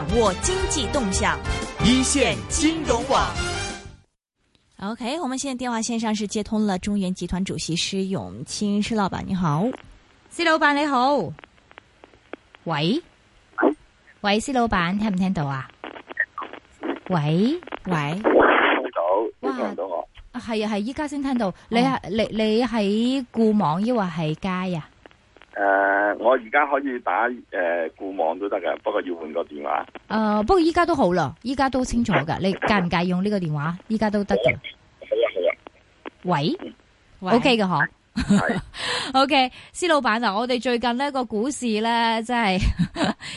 我經濟動向，一線金融網。OK，我們現在電話線上是接通了中原集團主席施永青施老板，你好，施老闆你好，喂，喂，施老闆聽唔聽到啊？喂喂，聽到聽到我，係啊係，依家先聽到，嗯、你係你你喺固網抑或喺街啊？誒、呃，我而家可以打誒固網都得噶，不過要換個電話。誒、呃，不過依家都好啦，依家都清楚噶。你介唔介意用呢個電話？依家都得㗎、啊啊。喂喂，OK 嘅嗬。 o、okay. K，施老板我哋最近呢個股市咧真係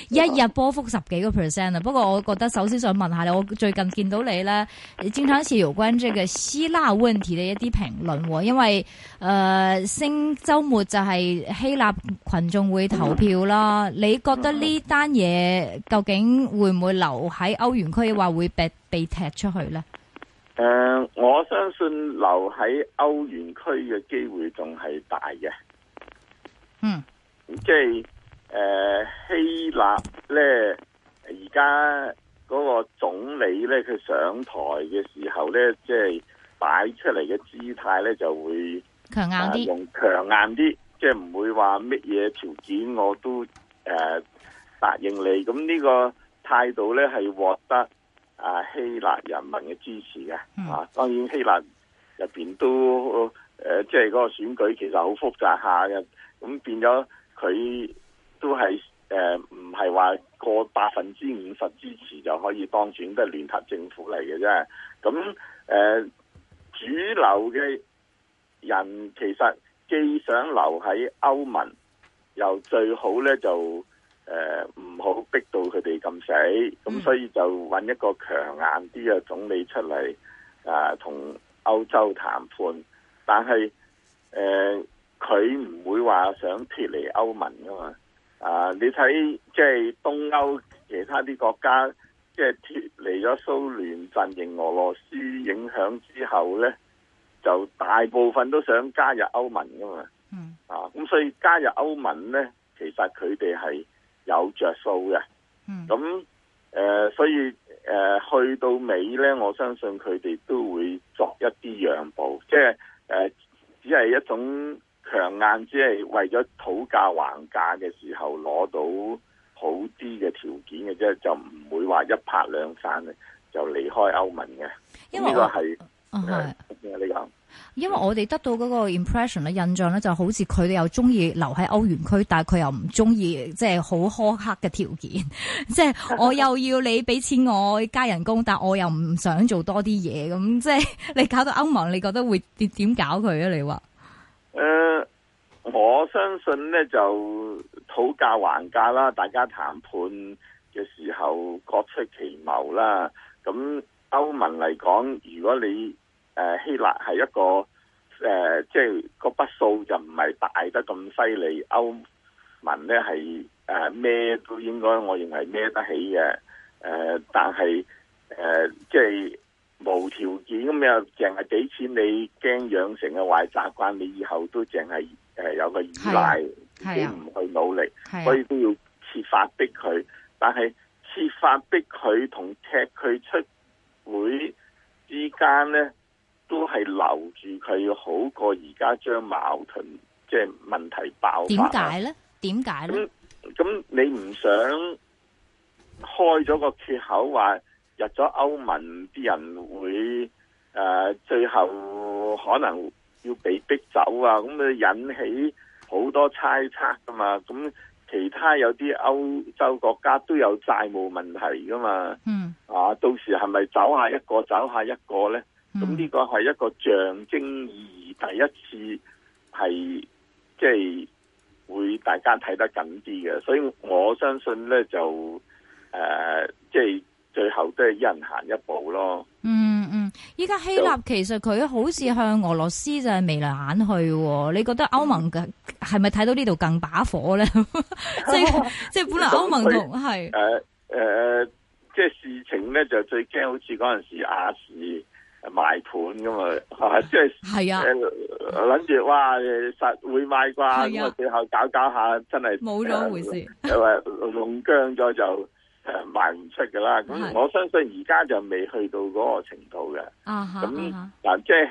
一日波幅十幾個 percent 啊。 不過我覺得首先想問下你，我最近見到你咧，經常寫有關這個希臘問題嘅一啲評論。因為誒、呃、星周末就係希臘群眾會投票啦、嗯，你覺得呢單嘢究竟會唔會留喺歐元區，話會被被踢出去咧？誒、呃，我相信留喺歐元區嘅機會仲係大嘅。嗯，即係誒、呃，希臘呢，而家嗰個總理呢，佢上台嘅時候呢，即係擺出嚟嘅姿態呢，就會強硬啲、呃，用強硬啲，即係唔會話乜嘢條件我都誒、呃、答應你。咁呢個態度呢，係獲得。啊！希臘人民嘅支持嘅，啊，當然希臘入邊都誒，即係嗰個選舉其實好複雜下嘅，咁變咗佢都係誒，唔係話過百分之五十支持就可以當選，都係聯合政府嚟嘅啫。咁誒，呃，主流嘅人其實既想留喺歐盟，又最好咧就。誒、呃，唔好逼到佢哋咁死，咁所以就搵一個強硬啲嘅總理出嚟，啊、呃，同歐洲談判。但係，誒、呃，佢唔會話想脫離歐盟噶嘛。啊、呃，你睇，即係東歐其他啲國家，即係脫離咗蘇聯陣營俄羅斯影響之後咧，就大部分都想加入歐盟噶嘛。啊，咁所以加入歐盟咧，其實佢哋係。有着數嘅，咁誒、呃，所以誒、呃、去到尾咧，我相信佢哋都會作一啲讓步，即係誒、呃，只係一種強硬，只係為咗討價還價嘅時候攞到好啲嘅條件嘅啫，就唔會話一拍兩散就離開歐盟嘅。因為呢個係，啊係。因為我哋得到嗰個 impression 嘅印象咧，就好似佢哋又中意留喺歐元區，但係佢又唔中意即係好苛刻嘅條件，即 係我又要你俾錢我加人工，但我又唔想做多啲嘢咁，即係、就是、你搞到歐盟，你覺得會點搞佢啊？你話？誒、呃，我相信呢，就討價還價啦，大家談判嘅時候各出奇謀啦。咁歐盟嚟講，如果你誒希臘係一個誒，即係個筆數就唔係大得咁犀利，歐盟咧係誒，孭都應該，我認為孭得起嘅。誒、呃，但係誒即係無條件咁又淨係俾錢你，驚養成嘅壞習慣，你以後都淨係誒有個依賴，都唔、啊、去努力、啊，所以都要設法逼佢、啊。但係設法逼佢同踢佢出會之間咧。都係留住佢，好過而家將矛盾即係、就是、問題爆發。點解呢？點解呢？咁你唔想開咗個缺口，話入咗歐盟啲人會誒、呃，最後可能要被逼走啊？咁你引起好多猜測噶嘛？咁其他有啲歐洲國家都有債務問題噶嘛？嗯啊，到時係咪走下一個，走下一個呢？咁呢個係一個象徵意義，第一次係即係會大家睇得緊啲嘅，所以我相信咧就即係、呃就係、最後都係一人行一步咯。嗯嗯，依家希臘其實佢好似向俄羅斯就係眉來眼去喎。你覺得歐盟係咪睇到呢度更把火咧？ 即 即係本來歐盟同係、呃呃、即係事情咧就最驚，好似嗰陣時亞視。賣盤噶嘛，即係諗住哇，實會賣啩，啊，最後搞搞下真係冇咗回事，啊，又話弄僵咗就誒賣唔出噶啦。咁，啊啊，我相信而家就未去到嗰個程度嘅。咁嗱，啊，即係、啊就是、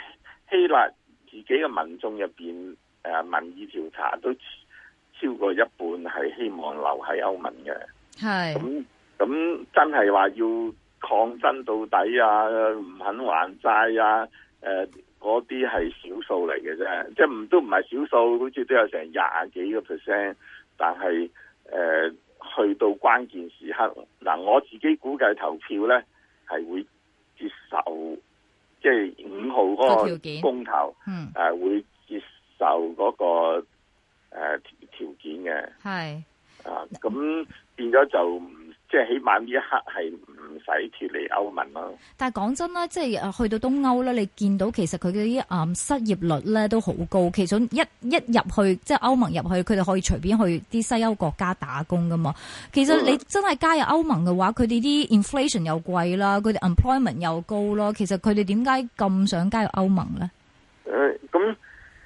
希臘自己嘅民眾入邊誒民意調查都超過一半係希望留喺歐盟嘅。係咁咁真係話要。抗爭到底啊，唔肯還債啊，誒嗰啲係少數嚟嘅啫，即係唔都唔係少數，好似都有成廿幾個 percent，但係誒、呃、去到關鍵時刻，嗱我自己估計投票咧係會接受，即係五號嗰個公投，嗯誒、啊、會接受嗰、嗰個誒、呃、條件嘅，係啊咁變咗就唔，即、就、係、是、起碼呢一刻係。唔使脫離歐盟咯。但係講真啦，即係去到東歐咧，你見到其實佢嘅啲誒失業率咧都好高。其實一一入去即係歐盟入去，佢哋可以隨便去啲西歐國家打工噶嘛。其實你真係加入歐盟嘅話，佢哋啲 inflation 又貴啦，佢哋 employment 又高咯。其實佢哋點解咁想加入歐盟咧？誒、嗯、咁、嗯、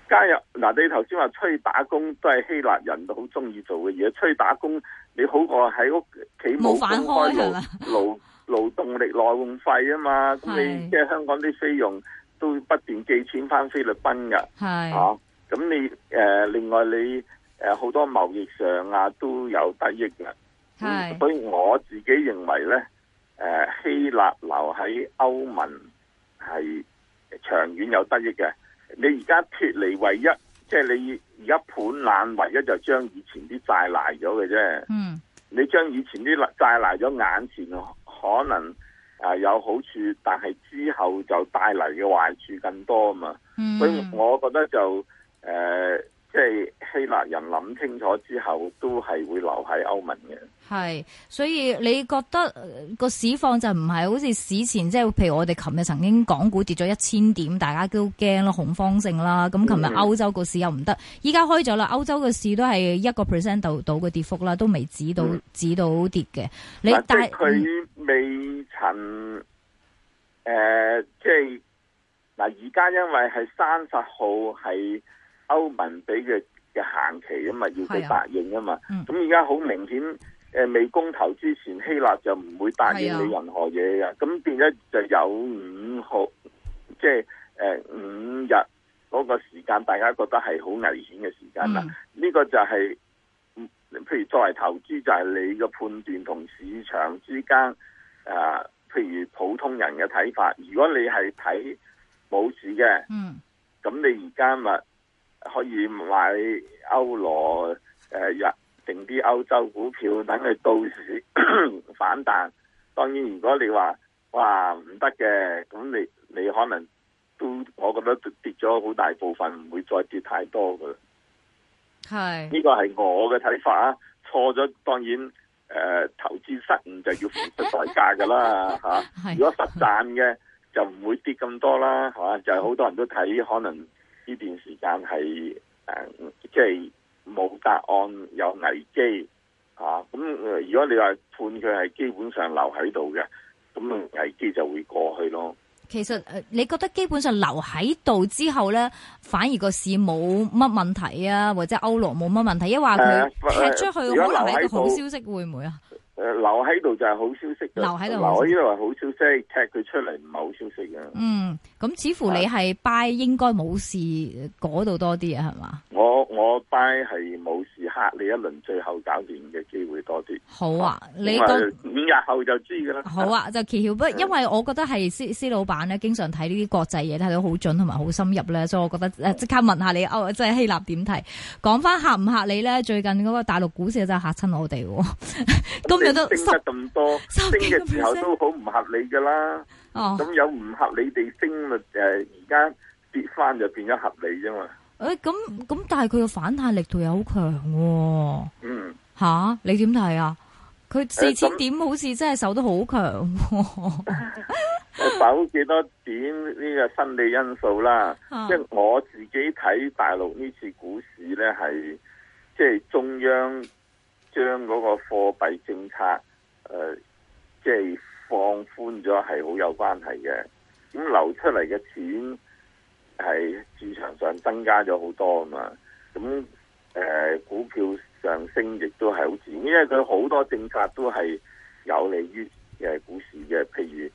加入嗱，你頭先話出去打工都係希臘人都好中意做嘅嘢。出去打工你好過喺屋企冇工開路。 勞動力內換費啊嘛，咁你即係香港啲費用都不斷寄錢翻菲律賓噶，吓咁、啊、你誒、呃，另外你誒好、呃、多貿易上啊都有得益噶、嗯，所以我自己認為咧，誒、呃、希臘留喺歐盟係長遠有得益嘅，你而家脱離唯一即係、就是、你而家盤冷，唯一就將以前啲債賴咗嘅啫，你將以前啲債賴咗眼前。可能啊有好處，但係之後就帶嚟嘅壞處更多啊嘛，所以我覺得就誒。Mm. 呃即係希臘人諗清楚之後，都係會留喺歐盟嘅。係，所以你覺得個市況就唔係好似史前，即係譬如我哋琴日曾經港股跌咗一千點，大家都驚咯，恐慌性啦。咁琴日歐洲個市又唔得，依、嗯、家開咗啦，歐洲嘅市都係一個 percent 度到嘅跌幅啦，都未止到、嗯、止到跌嘅。你但係佢未曾誒、嗯呃，即係嗱，而家因為係三十號係。歐盟俾佢嘅限期啊嘛，要佢答應啊嘛，咁而家好明顯、嗯，未公投之前希臘就唔會答應你任何嘢噶，咁、啊、變咗就有五號，即係五日嗰個時間，大家覺得係好危險嘅時間啦。呢、嗯呢個就係、是，譬如作為投資，就係、是、你嘅判斷同市場之間、啊、譬如普通人嘅睇法，如果你係睇冇事嘅，咁、嗯、你而家咪。可以買歐羅誒，入定啲歐洲股票，等佢到時 反彈。當然，如果你話哇唔得嘅，咁你你可能都，我覺得都跌咗好大部分，唔會再跌太多噶啦。係呢、這個係我嘅睇法啊！錯咗，當然誒、呃，投資失誤就要付出代價噶啦吓、啊。如果實賺嘅，就唔會跌咁多啦，係、啊、嘛？就係、是、好多人都睇可能。呢段時間係誒，即係冇答案，有危機啊！咁如果你話判佢係基本上留喺度嘅，咁危機就會過去咯。其實誒，你覺得基本上留喺度之後咧，反而個市冇乜問題啊，或者歐羅冇乜問題，一話佢踢出去可能係一個好消息。會不會，會唔會啊？誒留喺度就係好，好消息，留喺度。我依度係好消息，踢佢出嚟唔係好消息嘅。嗯，咁似乎你係拜 u y 應該冇事嗰度多啲啊，係嘛？我我 b u 係冇事嚇你一輪，最後搞掂嘅機會多啲。好啊，啊你講五日後就知㗎啦。好啊，就揭曉不？因為我覺得係 C C 老闆咧，經常睇呢啲國際嘢睇到好準同埋好深入咧，所以我覺得即刻問下你歐即係希臘點睇？講翻嚇唔嚇你咧？最近嗰個大陸股市真係嚇親我哋， 今日。升得咁多，升嘅時候都好唔合理㗎啦。哦、啊，咁有唔合理地升，率，誒而家跌返就變咗合理啫嘛。誒、欸，咁咁但係佢嘅反彈力度又好強。嗯。吓，你點睇啊？佢四千點好似真係受得好強，啊。守、啊、幾、嗯、多少點呢個心理因素啦。即、啊、係我自己睇大陸呢次股市咧，係即係中央。將嗰個貨幣政策誒，即、呃、係、就是、放寬咗，係好有關係嘅。咁流出嚟嘅錢係市場上增加咗好多啊嘛。咁誒、呃，股票上升亦都係好自然，因為佢好多政策都係有利於誒股市嘅。譬如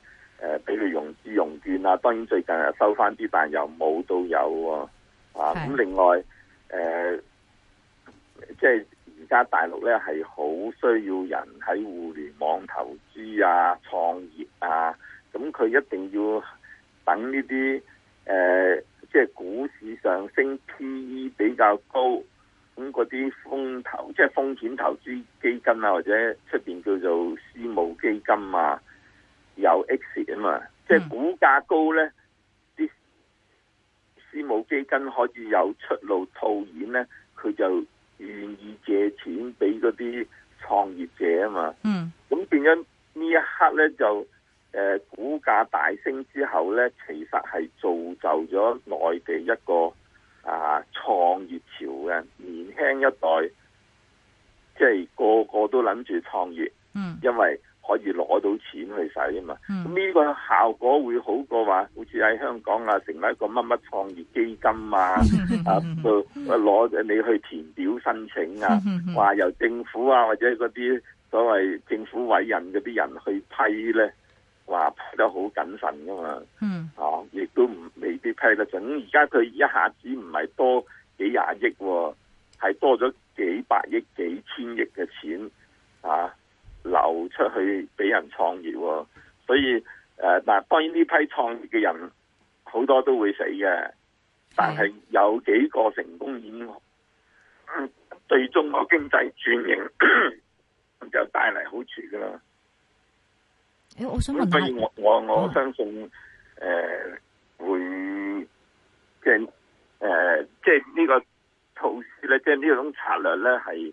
誒，比、呃、如融資融券啊，當然最近又收翻啲，但又冇到有啊。咁、啊、另外誒，即、呃、係。就是而家大陸咧係好需要人喺互聯網投資啊、創業啊，咁佢一定要等呢啲誒，即係股市上升，P E 比較高，咁嗰啲風投，即係風險投資基金啊，或者出面叫做私募基金啊，有 exit 啊嘛，即係股價高呢，啲私募基金可以有出路套現呢，佢就，願意借錢俾嗰啲創業者啊嘛，咁、嗯、變咗呢一刻呢就，誒、呃、股價大升之後呢，其實係造就咗內地一個啊創業潮嘅年輕一代，即、就、係、是、個個都諗住創業、嗯，因為。可以攞到錢去使啊嘛，咁、嗯、呢個效果會好過話，好似喺香港啊，成立一個乜乜創業基金啊， 啊，攞你去填表申請啊，話 由政府啊或者嗰啲所謂政府委任嗰啲人去批咧，話批得好謹慎噶嘛，哦、嗯啊，亦都唔未必批得準。而家佢一下子唔係多幾廿億喎、啊，係多咗幾百億、幾千億嘅錢啊！流出去俾人創業、哦，所以嗱、呃，當然呢批創業嘅人好多都會死嘅，但係有幾個成功已經對中國經濟轉型 就帶嚟好處㗎啦、欸。我想問所以我我我相信、啊呃、會會嘅誒，即係呢個措施咧，即係呢種策略咧係。.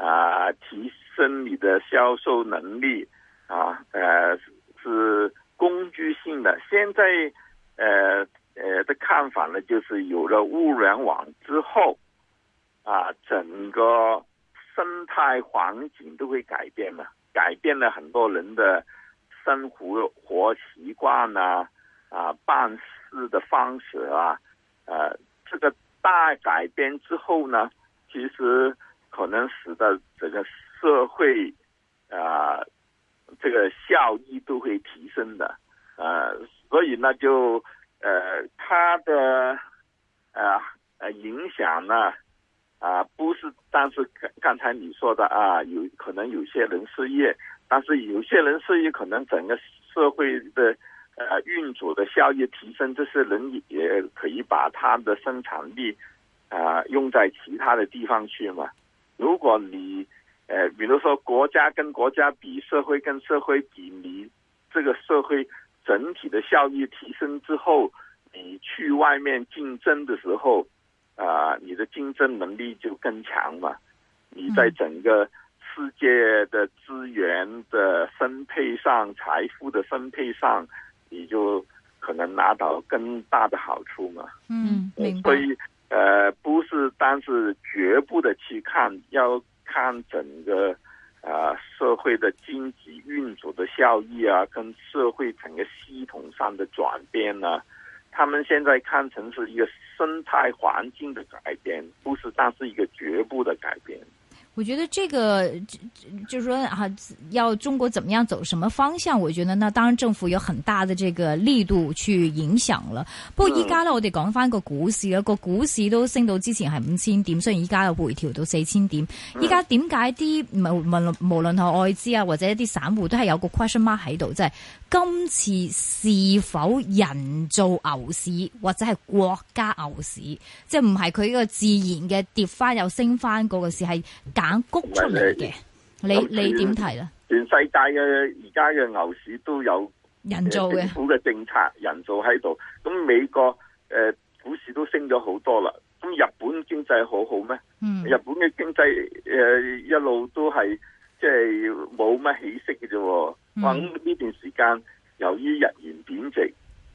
啊，提升你的銷售能力啊，呃，是工具性的。現在，呃呃的看法呢，就是有了物聯網之後，啊，整個生態環境都會改變嘛，改變了很多人的生活，活習慣呐、啊，啊，辦事的方式啊，呃、啊，這個大改變之後呢，其實。可能使得整個社會啊、呃，這個效益都會提升的啊、呃，所以那就呃，它的啊、呃，影響呢啊、呃，不是。但是剛剛才你說的啊、呃，有可能有些人失業，但是有些人失業，可能整個社會的呃運作的效益提升，這些人也可以把他的生產力啊、呃、用在其他的地方去嘛。如果你，呃，比如說國家跟國家比，社會跟社會比，你這個社會整體的效益提升之後，你去外面競爭的時候，啊、呃，你的競爭能力就更強嘛。你在整個世界的資源的分配上、嗯、財富的分配上，你就可能拿到更大的好處嘛。嗯，明白。所以。呃，不是單是局部的去看，要看整個，啊、呃，社會的經濟運作的效益啊，跟社會整個系統上的轉變呢、啊，他們現在看成是一個生態環境的改變，不是單是一個局部的改變。我覺得這個，就是說啊，要中國怎麼樣走什麼方向？我覺得呢，那當然政府有很大的這個力度去影響啦。不過依家呢，我哋講返個股市咧，個股市都升到之前係五千點，雖然依家又回調到四千點。依家點解啲無論無論係外資啊，或者一啲散戶都係有個 question mark 喺度，即係。今次是否人造牛市或者係國家牛市，即係唔係佢個自然嘅跌翻又升翻嗰個市，係揀谷出嚟嘅，你你點睇咧？全世界嘅而家嘅牛市都有人造嘅，呃，政府嘅政策人造喺度。咁美國誒，呃、股市都升咗好多啦。咁日本經濟好好咩，嗯？日本嘅經濟誒，呃、一路都係。即係冇乜起色嘅啫，哇、嗯！咁呢段時間，由於日元貶值，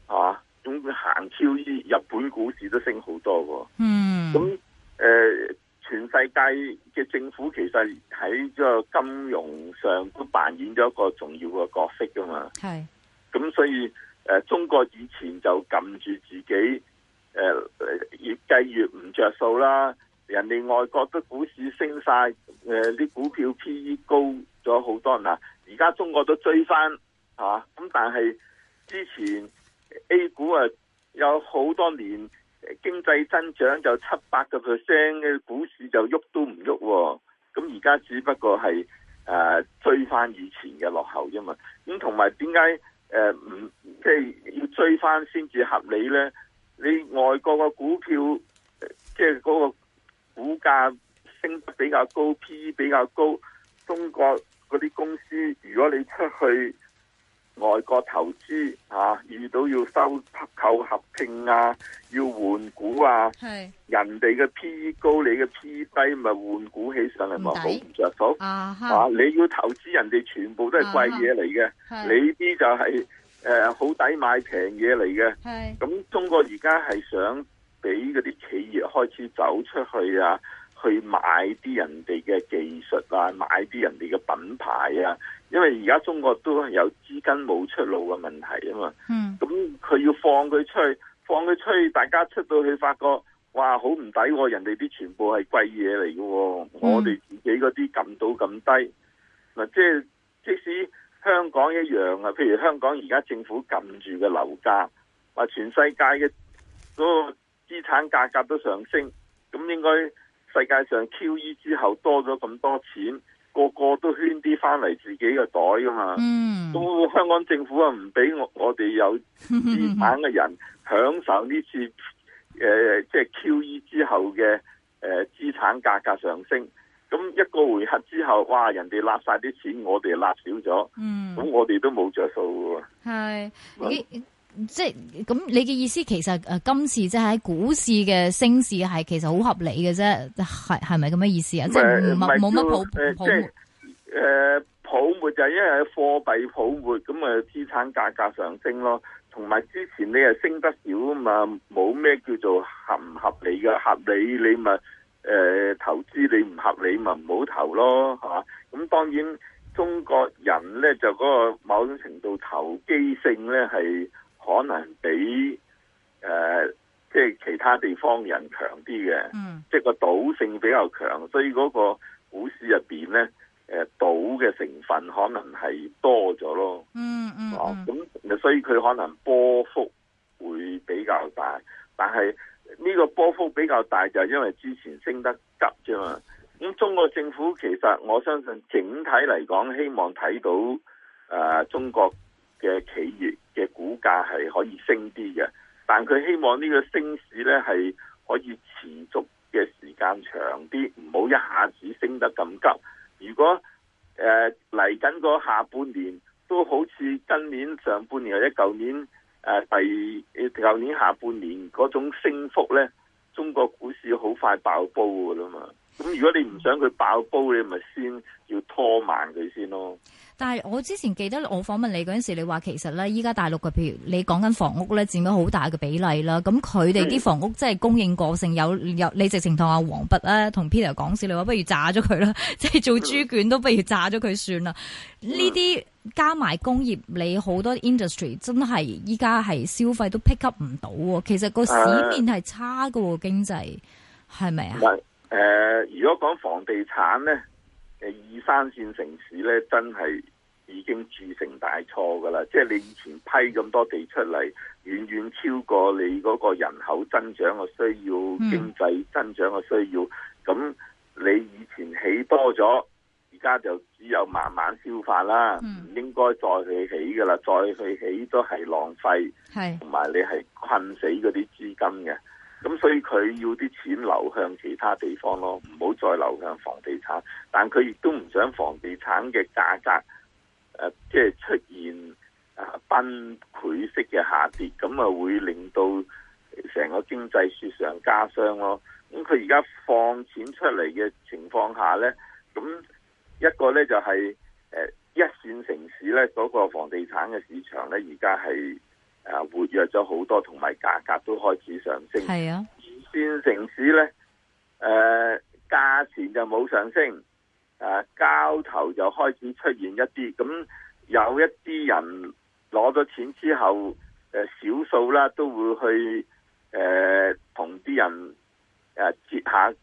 吓、啊，咁佢行超，日本股市都升好多。嗯，咁誒、呃，全世界嘅政府其實喺個金融上都扮演咗一個重要嘅角色噶嘛。係，咁所以誒、呃，中國以前就撳住自己，誒、呃，越計越唔着數啦。人哋外國都股市升晒，誒啲股票 P E 高咗好多嗱，而家中國都追翻，吓、啊、咁但係之前 A 股啊有好多年經濟增長就七百個 percent 嘅股市就喐都唔喐，咁而家只不過係誒追翻以前嘅落後啫嘛，咁同埋點解誒唔即係要追翻先至合理咧？你外國嘅股票即係嗰個。股價升得比較高，P E 比較高，中國嗰啲公司，如果你出去外國投資，啊，遇到要收購合併啊，要換股啊，係人哋嘅 P E 高，你嘅 P E 低，咪換股起上嚟咪好唔着數啊！你要投資人哋全部都係貴嘢嚟嘅，uh -huh. 你啲就係誒好抵買平嘢嚟嘅，咁、uh -huh. 中國而家係想。俾嗰啲企業開始走出去啊，去買啲人哋嘅技術啊，買啲人哋嘅品牌啊，因為而家中國都有資金冇出路嘅問題啊嘛。嗯，咁佢要放佢出去，放佢出去，大家出到去發覺，哇，好唔抵喎！人哋啲全部係貴嘢嚟嘅，我哋自己嗰啲撳到咁低。嗱，即係即使香港一樣啊，譬如香港而家政府撳住嘅樓價，話全世界嘅個資產價格都上升，咁應該世界上 QE 之後多咗咁多錢，個個都圈啲翻嚟自己嘅袋噶嘛。嗯、mm.，咁香港政府啊唔俾我我哋有資產嘅人享受呢次誒，即 係、呃就是、QE 之後嘅誒資產價格上升。咁一個回合之後，哇！人哋納晒啲錢，我哋納少咗、mm.。嗯，咁我哋都冇着數嘅喎。係。即係咁，你嘅意思其實誒今次即係喺股市嘅升市係其實好合理嘅啫，係係咪咁嘅意思啊？即係唔係冇乜普即係誒泡沫就係因為貨幣泡沫，咁啊資產價格上升咯。同埋之前你係升得少啊嘛，冇咩叫做合唔合理嘅合理你，你咪誒、呃、投資你唔合理咪唔好投咯，係嘛？咁當然中國人咧就嗰個某種程度投機性咧係。可能比誒即係其他地方人強啲嘅，即係個賭性比較強，所以嗰個股市入面咧誒賭嘅成分可能係多咗咯。嗯嗯，哦咁，所以佢可能波幅會比較大。但係呢個波幅比較大就係因為之前升得急啫嘛。咁中國政府其實我相信整體嚟講，希望睇到誒中國嘅企業嘅股價係可以升啲嘅，但佢希望呢個升市呢係可以持續嘅時間長啲，唔好一下子升得咁急。如果嚟緊個下半年都好似今年上半年或者舊年誒、第舊年下半年嗰種升幅呢，中國股市好快爆煲㗎喇嘛～咁如果你唔想佢爆煲，你咪先要拖慢佢先咯。但係我之前記得我訪問你嗰陣時，你話其實咧，依家大陸嘅譬如你講緊房屋咧，佔咗好大嘅比例啦。咁佢哋啲房屋即係供應過剩，有有，你直情同阿黃畢啊同 Peter 講笑你話不如炸咗佢啦，即係做豬卷都不如炸咗佢算啦。呢、嗯、啲加埋工業，你好多 industry 真係依家係消費都 pick up 唔到，其實個市面係差噶，經濟係咪啊？誒、呃，如果講房地產呢，誒二三線城市呢，真係已經鑄成大錯噶啦！即、就、係、是、你以前批咁多地出嚟，遠遠超過你嗰個人口增長嘅需要、經濟增長嘅需要。咁、嗯、你以前起多咗，而家就只有慢慢消化啦，唔、嗯、應該再去起噶啦，再去起都係浪費，同埋你係困死嗰啲資金嘅。咁所以佢要啲錢流向其他地方咯，唔好再流向房地產。但佢亦都唔想房地產嘅價格，誒，即係出現崩潰式嘅下跌，咁啊會令到成個經濟雪上加霜咯。咁佢而家放錢出嚟嘅情況下呢，咁一個呢就係誒一線城市呢嗰個房地產嘅市場呢，而家係，活躍咗好多，同埋價格都開始上升。係啊，二線城市咧，誒、呃，價錢就冇上升，誒、呃，交投就開始出現一啲。咁有一啲人攞咗錢之後，誒、呃，少數啦都會去，誒、呃，同啲人誒接下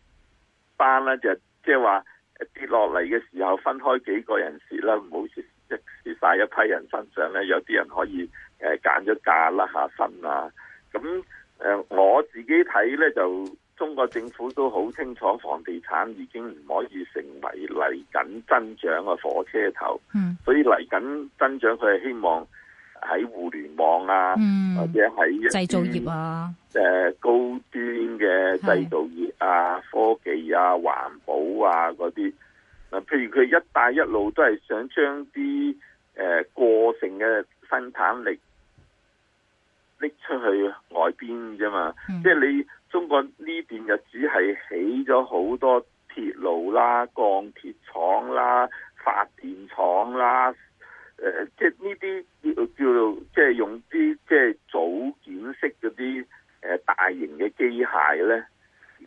班啦，就即係話跌落嚟嘅時候，分開幾個人蝕啦，唔好蝕蝕晒一批人身上咧，有啲人可以。誒，減咗價甩下身啦，咁誒，我自己睇咧就，中國政府都好清楚，房地產已經唔可以成為嚟緊增長嘅火車頭。嗯，所以嚟緊增長，佢係希望喺互聯網啊，嗯、或者喺製造業啊，誒、呃，高端嘅製造業啊，科技啊，環保啊嗰啲，嗱，譬如佢一帶一路都係想將啲誒過剩嘅生產力。拎出去外邊啫嘛、嗯，即、就、係、是、你中國呢邊又只係起咗好多鐵路啦、鋼鐵廠啦、發電廠啦，誒、呃，即係呢啲叫做即係、就是、用啲即係組件式嗰啲誒大型嘅機械咧，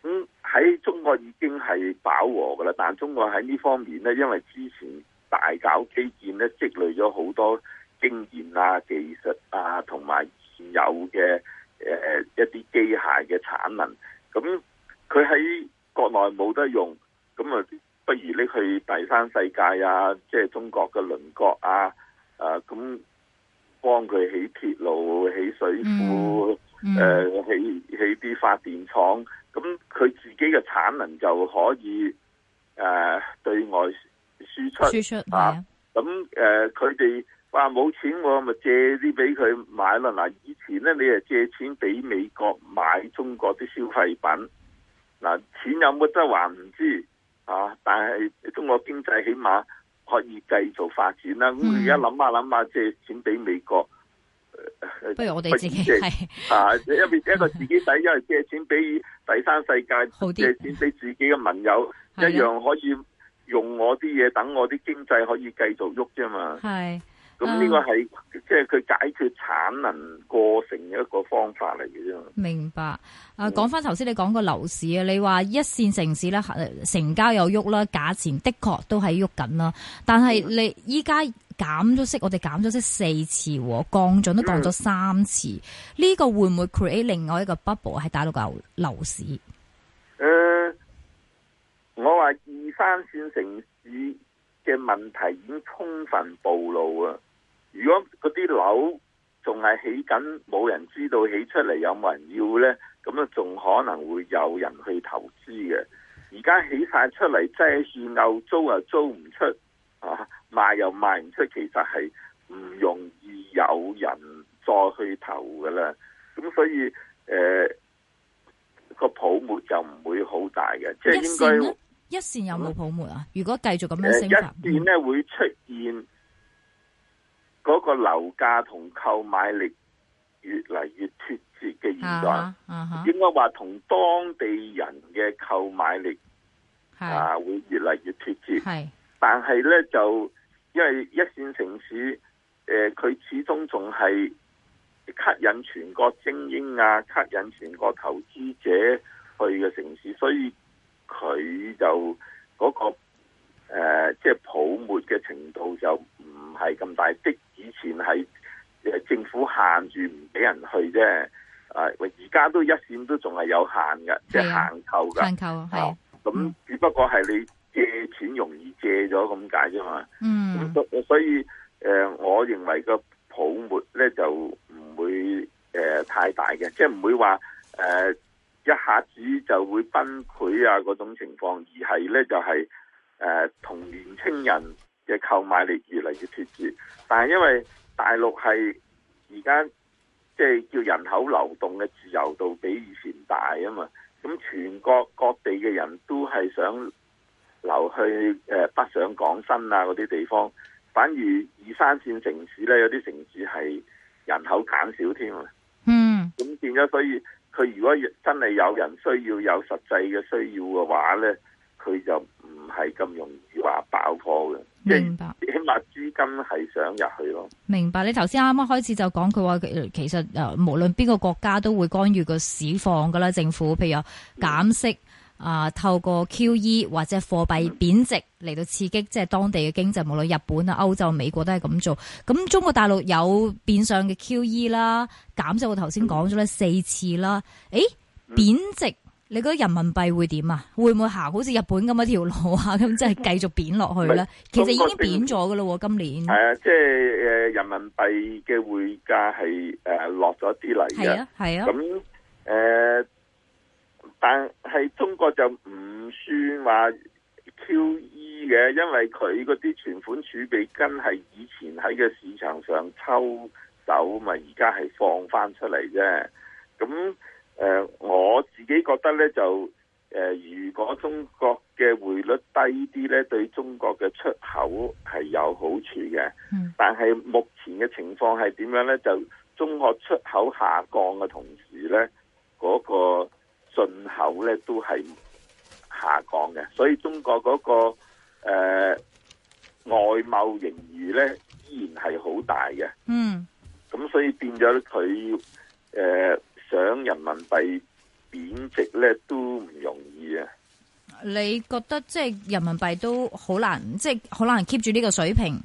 咁、嗯、喺中國已經係飽和噶啦，但係中國喺呢方面咧，因為之前大搞基建咧，積累咗好多。山世界啊，即係中國嘅鄰國啊，誒咁幫佢起鐵路、起水庫、誒起起啲發電廠，咁佢自己嘅產能就可以誒、啊、對外輸出。輸出啊！咁誒，佢哋話冇錢、啊，我咪借啲俾佢買咯。嗱，以前咧，你係借錢俾美國買中國啲消費品，嗱，錢有冇得還唔知。啊！但係中國經濟起碼可以繼續發展啦。咁而家諗下諗下，借、就是、錢俾美國，不如我哋自己係啊！一 邊一個自己使，因為借錢俾第三世界，借錢俾自己嘅盟友、嗯，一樣可以用我啲嘢，等我啲經濟可以繼續喐啫嘛。係。咁呢個係即係佢解決產能過剩嘅一個方法嚟嘅啫。明白。誒，講翻頭先你講個樓市啊，你話一綫城市咧成交又喐啦，價錢的確都係喐緊啦。但係你依家減咗息，我哋減咗息四次，降準都降咗三次，呢、嗯這個會唔會 create 另外一個 bubble 喺大陸嘅樓市？誒、嗯，我話二三綫城市嘅問題已經充分暴露啦！有仲係起緊，冇人知道起出嚟有冇人要呢。咁啊仲可能會有人去投資嘅。而家起晒出嚟，即擠住漚租啊，租唔出，啊賣又賣唔出，其實係唔容易有人再去投噶啦。咁所以誒個、呃、泡沫又唔會好大嘅，即係應該一,一線有冇泡沫啊？如果繼續咁樣升，一線呢會出現。嗰個樓價同購買力越嚟越脫節嘅現狀，應該話同當地人嘅購買力啊，會越嚟越脫節。但係呢，就因為一線城市，佢始終仲係吸引全國精英啊，吸引全國投資者去嘅城市，所以佢就嗰個啊、即係泡沫嘅程度就唔。係咁大，即以前係誒政府限住唔俾人去啫，啊而家都一線都仲係有限嘅，即係限購噶限購係，咁只不過係你借錢容易借咗咁解啫嘛。嗯，咁所所以誒，我認為個泡沫咧就唔會誒太大嘅，即係唔會話誒一下子就會崩潰啊嗰種情況，而係咧就係誒同年青人嘅購買力越嚟越脫節，但係因為大陸係而家即係叫人口流動嘅自由度比以前大啊嘛，咁全國各地嘅人都係想留去誒、呃、北上廣深啊嗰啲地方，反而二三線城市呢，有啲城市係人口減少添啊，嗯，咁變咗所以佢如果真係有人需要有實際嘅需要嘅話呢，佢就唔係咁容易。明白，起碼資金係想入去咯。明白，你頭先啱啱開始就講佢話，其實誒，無論邊個國家都會干預個市況噶啦，政府譬如減息，啊、呃，透過 QE 或者貨幣貶值嚟、嗯、到刺激，即係當地嘅經濟，無論日本啊、歐洲、美國都係咁做。咁中國大陸有變相嘅 QE 啦，減息我頭先講咗咧四次啦，誒，貶、嗯、值。你覺得人民幣會點啊？會唔會行好似日本咁一條路啊？咁即係繼續貶落去咧？其實已經貶咗噶咯，今年係啊，即係誒，人民幣嘅匯價係誒落咗啲嚟嘅，係啊，係啊。咁誒、啊，但係中國就唔算話 QE 嘅，因為佢嗰啲存款儲備金係以前喺個市場上抽手嘛，而家係放翻出嚟啫，咁。誒、呃，我自己覺得咧就誒、呃，如果中國嘅匯率低啲咧，對中國嘅出口係有好處嘅。嗯。但係目前嘅情況係點樣咧？就中國出口下降嘅同時咧，嗰、那個進口咧都係下降嘅，所以中國嗰、那個誒、呃、外貿盈餘咧依然係好大嘅。嗯。咁所以變咗佢誒。呃想人民幣貶值咧都唔容易啊！你覺得即係人民幣都好難，即係好難 keep 住呢個水平，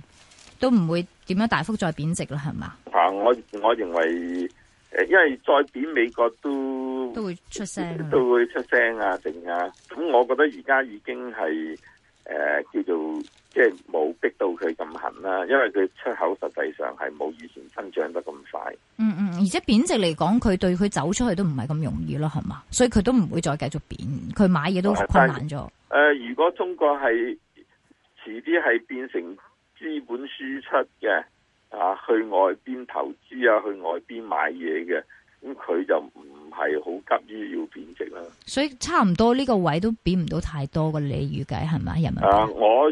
都唔會點樣大幅再貶值啦，係嘛？啊！我我認為誒，因為再貶美國都都會出聲，都會出聲啊定啊！咁我覺得而家已經係誒、呃、叫做。即係冇逼到佢咁狠啦，因為佢出口實際上係冇以前增長得咁快。嗯嗯，而且貶值嚟講，佢對佢走出去都唔係咁容易咯，係嘛？所以佢都唔會再繼續貶，佢買嘢都困難咗。誒、呃，如果中國係遲啲係變成資本輸出嘅啊，去外邊投資啊，去外邊買嘢嘅，咁、嗯、佢就唔係好急於要貶值啦。所以差唔多呢個位都貶唔到太多㗎，你預計係咪？人民幣嘅？啊、呃，我。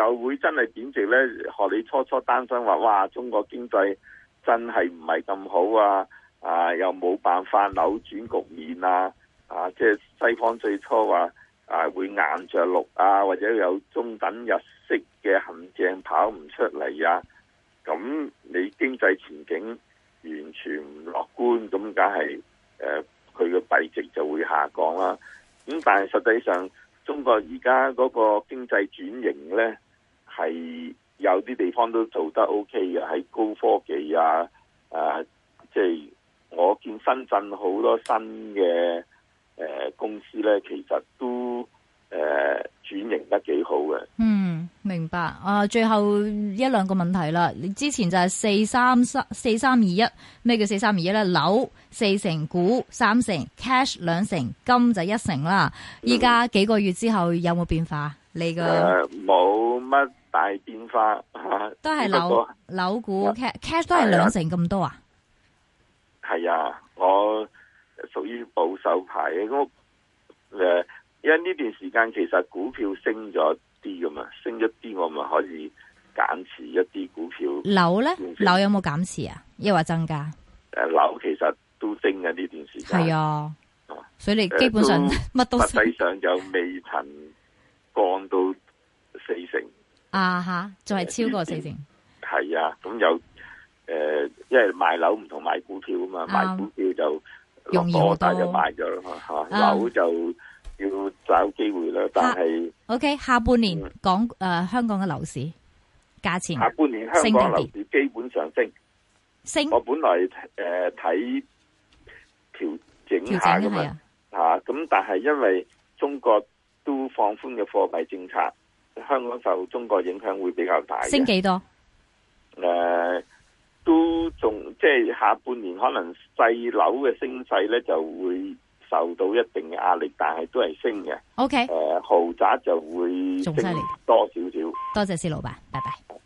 候會真係貶值呢？學你初初擔心話，哇，中國經濟真係唔係咁好啊，啊，又冇辦法扭轉局面啊，啊，即係西方最初話啊，啊會硬着陸啊，或者有中等日式嘅陷阱跑唔出嚟啊。咁你經濟前景完全唔樂觀，咁梗係誒佢嘅幣值就會下降啦，啊。咁、嗯、但係實際上。中國而家嗰個經濟轉型呢，係有啲地方都做得 OK 嘅，喺高科技啊，啊，即係我見深圳好多新嘅誒、啊、公司呢，其實都誒。啊轉型得幾好嘅。嗯，明白啊！最後一兩個問題啦，你之前就係四三三四三二一，咩叫四三二一咧？樓四成，股三成，cash 兩成，金就一成啦。依家、嗯、幾個月之後有冇變化？你個冇乜大變化吓、啊，都係樓樓股、啊、cash 都係兩成咁多係啊？係啊，啊，我屬於保守派嘅，誒。呃因為呢段時間其實股票升咗啲噶嘛，升咗啲我咪可以減持一啲股票。樓咧，樓有冇減持啊？抑或增加？誒、呃，樓其實都升啊！呢段時間係啊，啊，所以你基本上乜、呃、都實際上就未曾降到四成啊！吓，仲係超過四成。係啊，咁有。誒，因為買樓唔同買股票嘛啊嘛，買股票就容易晒就買咗咯，吓、啊啊、樓就。要找機會啦，但係，O K，下半年講誒、嗯呃、香港嘅樓市價錢，下半年香港樓市基本上升，升。我本來誒睇調整下噶嘛，吓咁、啊，但係因為中國都放寬嘅貨幣政策，香港受中國影響會比較大。升幾多？誒、呃，都仲即係下半年可能細樓嘅升勢咧，就會。受到一定嘅壓力，但係都係升嘅。OK，誒，豪宅就會仲犀利多少少。多謝施老闆，拜拜。